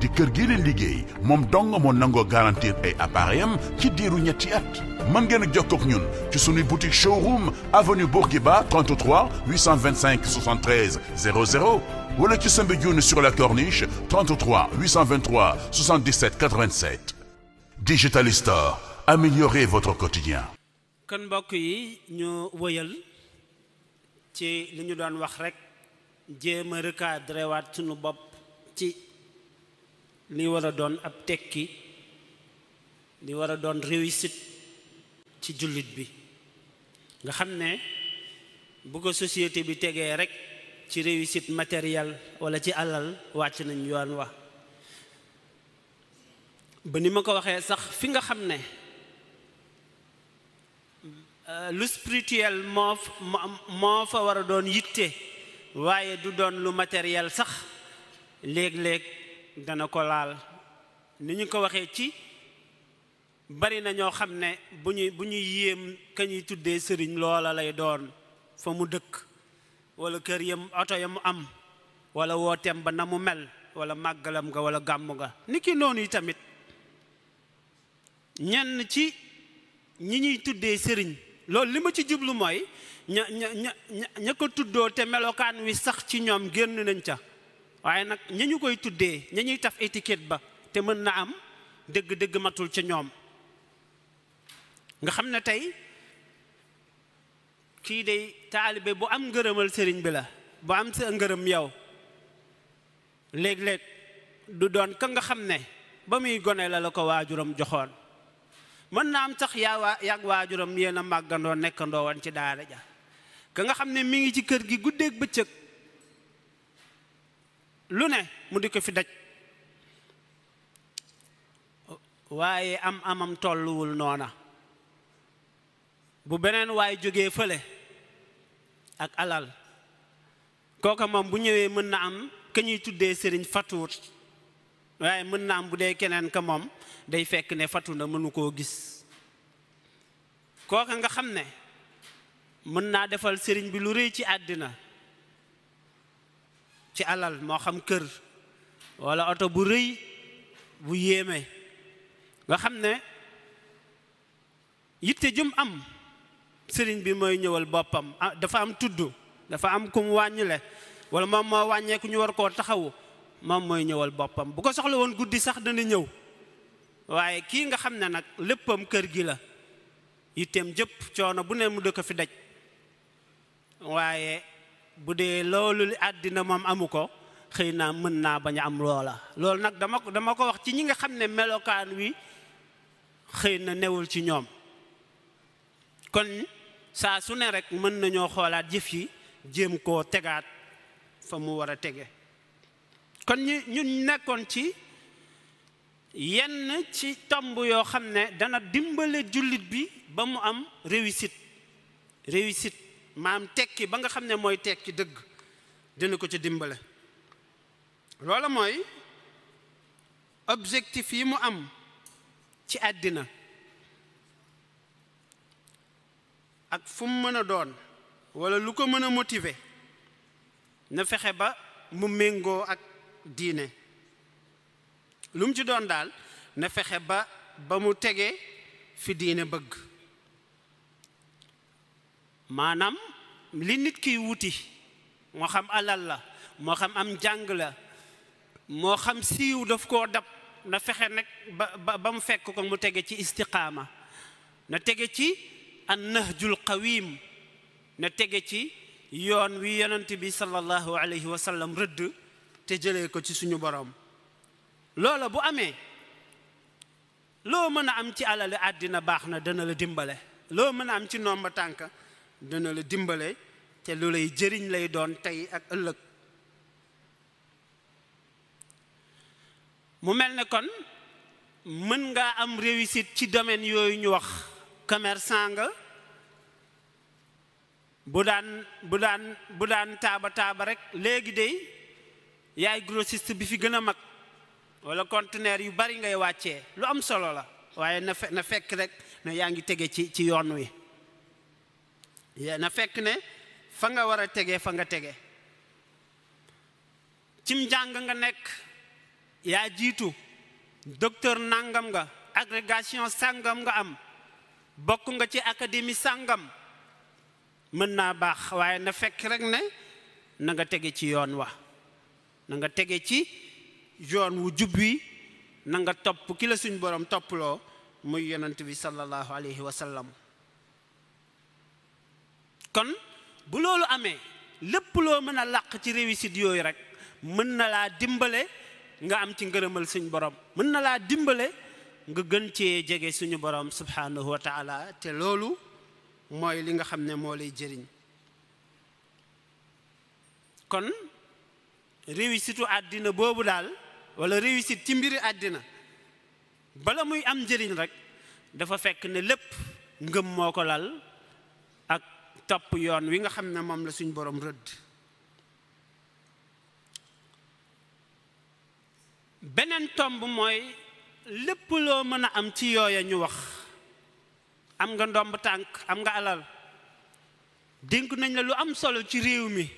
di kër gi leen liggéey moom dong moo nangoo garantir ay appareil am ci diiru ñetti at mën ngeen a jokkoo ak ñun ci suñuy boutique showroom avenue Bourguiba 33 825 73 00 wala ci Soumbédioune sur la corniche 33 823 77 87 Digital Store améliorez votre quotidien kon mbokk yi ñu wëyal ci li ñu doon wax rek jéem a recadré waat sunu bopp ci li war a doon ab tekki li war a doon réussite ci jullit bi nga xam ne bu ko société bi tegee rek ci réussite matérielle walla ci alal wàcc nañ yoon wa ba ni ma ko waxee sax fi nga xam ne euh, lu spirituel moo moo fa war a doon yitte waaye du doon lu matériel sax léeg-léeg dana ko laal ni ñu ko waxee ci bari na ñoo xam ne bu ñuy bu ñuy yéem ka ñuy tuddee sëriñ loola lay doon fa mu dëkk walla kër yam oto ya mu am wala wooteem ba na mu mel wala màggalam nga wala gàmm nga ni ki noonu yi tamit ñenn ci ñi ñuy tuddee sëriñ loolu li ma ci jublu mooy ña ña ña ña ko tuddoo te melokaan wi sax ci ñoom génn nañ ca waaye nag ña ñu koy tuddee ña ñuy taf étiquette ba te mën na am dëgg-dëgg matul ci ñoom nga xam ne tey kii day taalibe bu am ngërëmal sëriñ bi la bu am sa ngërëm yow léeg-léeg du doon ka nga xam ne ba muy gone la la ko waajuram joxoon mën na am sax yaa waajuram yéen a màggandoo nekkandoo woon ci daara ja ka nga xam ne mi ngi ci kër gi guddeeg bëccëg lu ne mu di ko fi daj waaye am amam tolluwul noona bu beneen waay jóge fële ak alal kooka moom bu ñëwee mën na am ka ñuy tuddee sëriñ fatuwut waaye mën na am bu dee keneen ka moom day fekk ne fatu na mënu koo gis kooka nga xam ne mën naa defal sëriñ bi lu rëy ci àddina ci alal moo xam kër walla oto bu rëy bu yéeme nga xam ne yitte jum am sëriñ bi mooy ñëwal boppam ah, dafa am tudd dafa am kum wàññile walla moom moo wàññeeku ñu war koo taxawu moom mooy ñëwal boppam bu ko soxla woon guddi sax dana ñëw waaye kii nga xam ne nag léppam kër gi la yitteem jëpp coono bu ne mu dëkk fi daj waaye bu dee loolu li àddina moom amu ko xëy naa mën naa bañ a am loola loolu nag dama ko dama ko wax ci ñi nga xam ne melokaan wi xëy na newul ci ñoom kon saa su ne rek mën nañoo xoolaat jëf yi jéem koo tegaat fa mu war a tege kon ñu ñun nekkoon ci yenn ci tomb yoo xam ne dana dimbale jullit bi ba mu am réussite réussite maam tekki ba nga xam ne mooy tekki dëgg dina ko ca dimbale loola mooy objectif yi mu am ci àddina ak fu mu mën a doon walla lu ko mën a motiver na fexe ba mu méngoo ak diine lum ci doon daal na fexe ba ba mu tegee fi diine bëgg maanaam li nit kiy wuti moo xam alal la moo xam am jàng la moo xam siiw daf koo dab na fexe nag ba ba mu fekk ko mu tege ci istiqaama na tege ci an nahjul qawim na tege ci yoon wi yonent bi sallallahu alayhi wa sallam rëdd te jële ko ci suñu boroom loola bu amee loo mën a am ci yi àddina baax na dana la dimbale loo mën a am ci nomba tànk dina la dimbale te lu lay jëriñ lay doon tey ak ëllëg mu mel ne kon mën ngaa am réussite ci domaine yooyu ñu wax commerçant nga bu daan bu daan taaba taaba rek léegi dey yaay grossiste bi fi gën a mag walla conteneur yu bari ngay wàccee lu am solo la waaye na na fekk rek na yaa ngi tege ci ci yoon wi na fekk ne fa nga war a tegee fa nga tege cim jàng nga nekk yaa jiitu docteur nangam nga agrégation sàngam nga am bokk nga ci académie sàngam mën naa baax waaye na fekk rek ne na nga tege ci yoon wa na nga tege ci yoon wu jub wi na nga topp ki la suñ borom topploo muy yonent bi sallallahu alayhi wa sallam kon bu loolu amee lépp loo mën a làq ci réussite yooyu rek mën na laa dimbale nga am ci ngërëmal suñ borom mën na laa dimbale nga gën cee jege suñu borom subhanahu wa taala te loolu mooy li nga xam ne moo lay jëriñ kon réussite àddina boobu daal wala réussite ci mbiri àddina bala muy am njëriñ rek dafa fekk ne lépp ngëm moo ko lal topp yoon wi nga xam ne moom la suñ borom rëdd beneen tomb mooy lépp loo mën a am ci yooya ñu wax am nga ndomb tànk am nga alal dénk nañ la lu am solo ci réew mi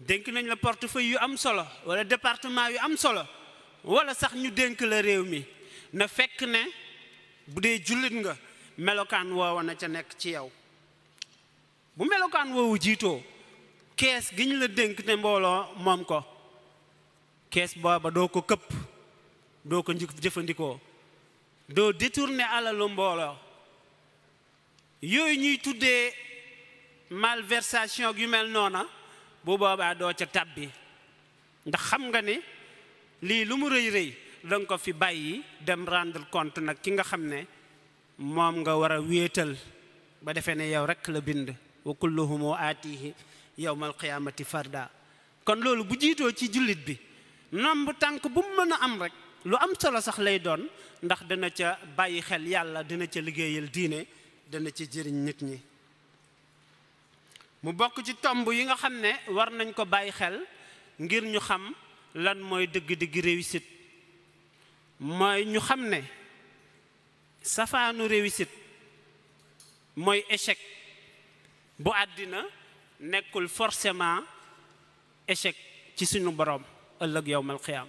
dénk nañ la portefeuille yu am solo wala département yu am solo wala sax ñu dénk la réew mi na fekk ne bu dee jullit nga melokaan woowa na ca nekk ci yow bu melokaan woowu jiitoo kees gi ñu la dénk ne mbooloo moom ko kees booba doo ko këpp doo ko jëfandikoo doo détourner alalu mbooloo yooyu ñuy tuddee malversation gi mel noona bu boobaa doo ca tàbbi ndax xam nga ni lii lu mu rëy rëy danga ko fi bàyyi dem rendre compte nag ki nga xam ne moom nga war a wéetal ba defee ne yow rekk la bind wa kulluhum aatihi yowma alqiyaamati fardaa kon loolu bu jiitoo ci jullit bi nomb tànk bu mu mën a am rek lu am solo sax lay doon ndax dana ca bàyyi xel yàlla dina ca liggéeyal diine dana ci jëriñ nit ñi mu bokk ci tomb yi nga xam ne war nañ ko bàyyi xel ngir ñu xam lan mooy dëgg-dëgg réussite mooy ñu xam ne safaanu réussite mooy échec bu àddina nekkul forcément échec ci suñu borom ëllëg yowmal xiyaam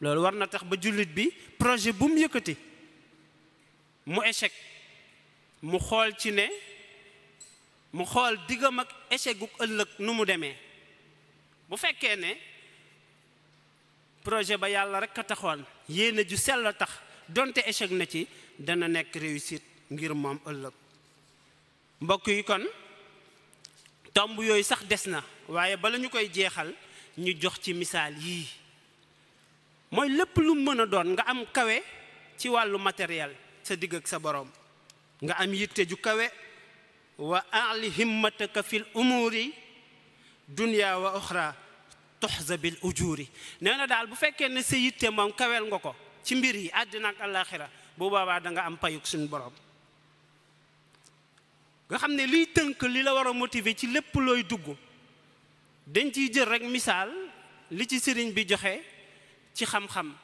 loolu war na tax ba jullit bi projet bu mu yëkkati mu échec mu xool ci ne mu xool diggam ak échec gu ëllëg nu mu demee bu fekkee ne projet ba yàlla rek a taxoon yéene ju sell a tax donte échec na ci dana nekk réussit ngir moom ëllëg mbokk yi kon tomb yooyu sax des na waaye bala ñu koy jeexal ñu jox ci misaal yii mooy lépp lu mën a doon nga am kawe ci wàllu matériel sa digg ak sa boroom nga am yitte ju kawe wa ali himmataka fil umuuri dunya wa oxra toxza bil ujuuri nee na daal bu fekkee ne sa yitte moom kaweel nga ko ci mbir yi àddina ak àllaaxira bu boobaa da nga am payug suñu boroom nga xam ne liy tënk li la war a motiver ci lépp looy dugg dañ ciy jël rek misaal li ci sëriñ bi joxe ci xam-xam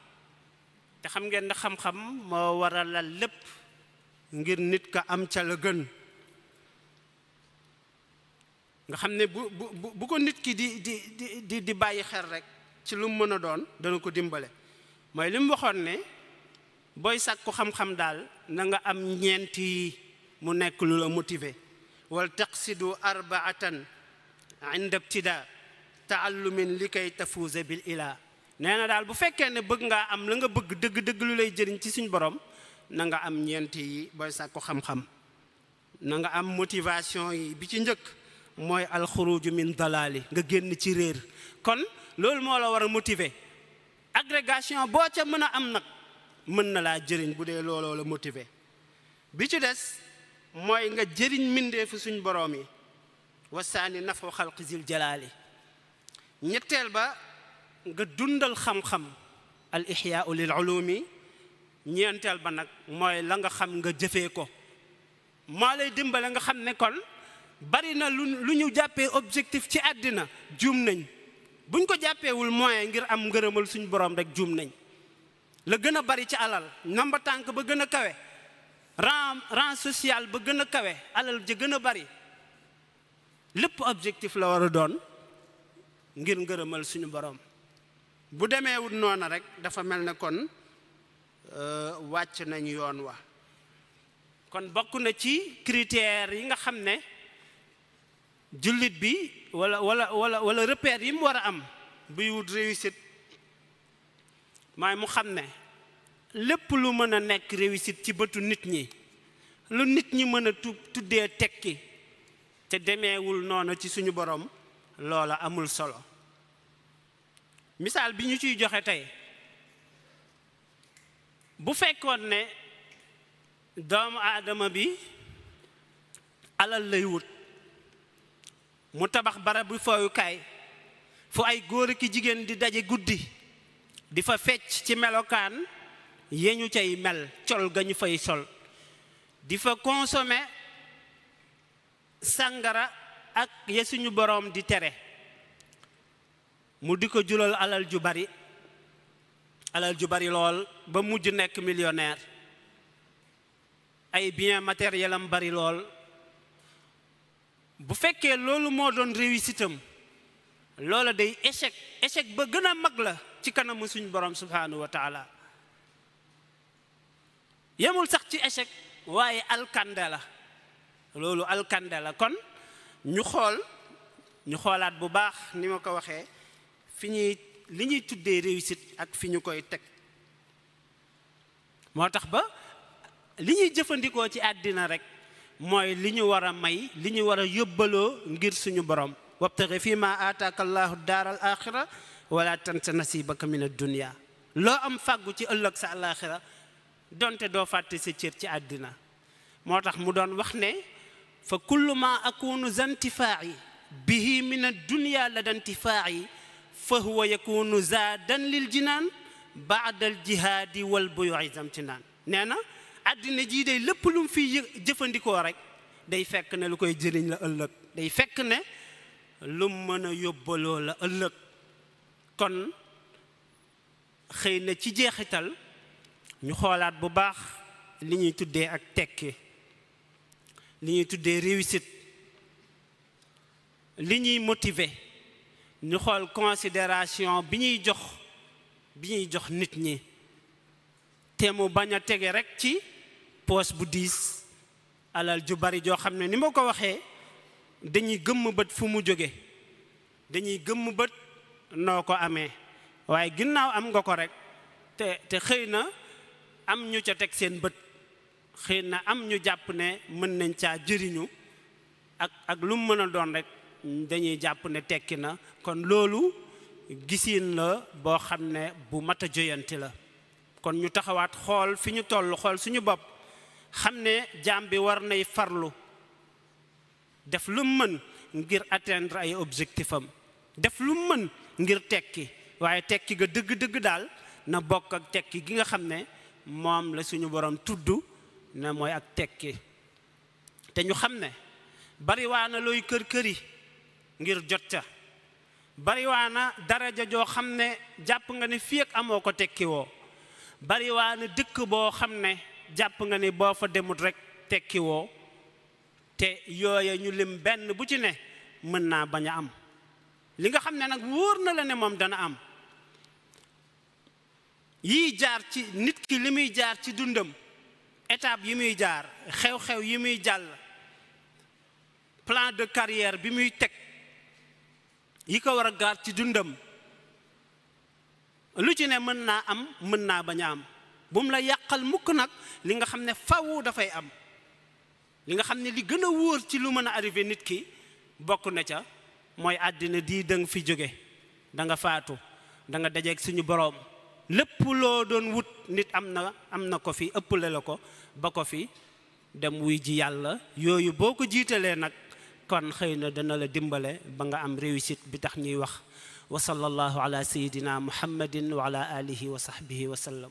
te xam ngeen ne xam-xam moo war a lal lépp ngir nit ka am ca la gën nga xam ne bu bu bu ko nit ki di di di di bàyyi xel rek ci lu mën a doon dana ko dimbale mooy li mu waxoon ne booy sàkku xam-xam daal na nga am ñeenti mu nekk lu la motiver wal taqsidu arbaatan inda ibtida taallumin li kay tafuusa bil ilaa nee na daal bu fekkee ne bëgg ngaa am la nga bëgg dëgg-dëgg lu lay jëriñ ci suñ borom na nga am ñeenti yi booy sàkku xam-xam na nga am motivation yi bi ci njëkk mooy alxuruju min dalaali nga génn ci réer kon loolu moo la war a motive agrégation boo ca mën a am nag mën na laa jëriñ bu dee looloo la motiver bi ci des mooy nga jëriñ mbindeefu suñ borom yi wasaani nafu xalqi zil jalaali ñetteel ba nga dundal xam-xam al ixyaau lil ulumi ñeenteel ba nag mooy la nga xam nga jëfee ko moo lay dimbale nga xam ne kon bari na lu ñu jàppee objectif ci àddina jum nañ buñ ko jàppewul moyen ngir am ngërëmal suñu borom rek jum nañ la gën a bari ci alal namba tànk ba gën a kawe rang ran sociale ba gën a kawe alal ja gën a bari lépp objectif la war a doon ngir ngërëmal suñu borom bu demee wut noona rek dafa mel ne kon euh, wàcc nañu yoon wa kon bokk na ci critères yi nga xam ne jullit bi wala wala wala wala repère yi mu war a am buy wut réussite maay mu xam ne lépp lu mën a nekk réussite ci bëtu nit ñi lu nit ñi mën a tuddee tekki te demewul noonu ci suñu boroom loola amul solo misaal bi ñu ciy joxe tey bu fekkoon ne doomu aadama bi alal lay wut mu tabax barabu fooyukaay fu ay góor ki jigéen di daje guddi di fa fecc ci melokaan yeñu cay mel col gañu fay sol di fa consommer sàngara ak ya suñu boroom di tere mu di ko jural alal ju bari alal ju bari lool ba mujj nekk millionaire ay bien matériel am bari lool bu fekkee loolu moo doon réussite am loola day échec échec ba gën a mag la ci kanamu suñu borom subhanahu wa yemul sax ci échec waaye alkande la loolu alkande la kon ñu xool ñu xoolaat bu baax ni ma ko waxee fi ñuy li ñuy tuddee réussite ak fi ñu koy teg moo tax ba li ñuy jëfandikoo ci àddina rek mooy li ñu war a may li ñu war a yóbbaloo ngir suñu borom wabtaxi fii ma aataaka allahu daar al axira wala tansa nasibaka min loo am fàggu ci ëllëg sa alaxira donte doo fàtte sa cër ci àddina moo tax mu doon wax ne fa kullu ma akunu zantifaa'i bihi min ad-dunya la dantifaa'i fa huwa yakunu zaadan lil jinaan baada al jihaadi wal buyu'i zamtinaan nee na àddina jii day lépp lu mu jëfandikoo rek day fekk ne lu koy jëriñ la ëllëg day fekk ne lum mën a yóbbaloo la ëllëg kon xëy na ci jeexital ñu xoolaat bu baax li ñuy tuddee ak tekki li ñuy tuddee réussite li ñuy motive ñu xool considération bi ñuy jox bi ñuy jox nit ñi te mu bañ a tege rekk ci poos bu diis alal ju bari joo xam ne ni ma ko waxee dañuy gëmm bët fu mu jóge dañuy gëmm bët noo ko amee waaye ginnaaw am nga ko rek te xëy na am ñu ca teg seen bët xëy na am ñu jàpp ne mën nañ caa jëriñu ak ak lu mën a doon rek dañuy jàpp ne tekki na kon loolu gisin la boo xam ne bu mat a joyanti la kon ñu taxawaat xool fi ñu toll xool suñu bopp xam ne jaam bi war nay farlu def lu mën ngir atteindre ay objectif am def lu mën ngir tekki waaye tekki ga dëgg-dëgg daal na bokk ak tekki gi nga xam ne moom la suñu boroom tudd na mooy ak tekki te ñu xam ne bariwaana looy kër-këri ngir jot ca bariwaana daraja joo xam ne jàpp nga ne fii ak amoo ko tekkiwoo woo bariwaana dëkk boo xam ne jàpp nga ne boo fa demut rekk tekki te yooya ñu lim benn bu ci ne mën naa bañ am li nga xam ne nag wóor na la ne moom dana am yii jaar ci nit ki li muy jaar ci dundam étape yi muy jaar xew-xew yi muy jàll plan de carrière bi muy teg yi ko war a gaar ci dundam lu ci ne mën naa am mën naa bañ a am bu mu la yàqal mukk nag li nga xam ne faw dafay am li nga xam ne li gën a wóor ci lu mën a arrivé nit ki bokk na ca mooy àddina dii danga fi jóge danga faatu danga nga suñu boroom lépp loo doon wut nit am na am na ko fi ëppale la ko ba ko fi dem wuy ji yàlla yooyu boo ko jiitalee nag kon xëy na dana la dimbale ba nga am réussite bi tax ñuy wax wa sallallahu ala sayidina muhammadin wa ala alihi wa sahbihi wa sallam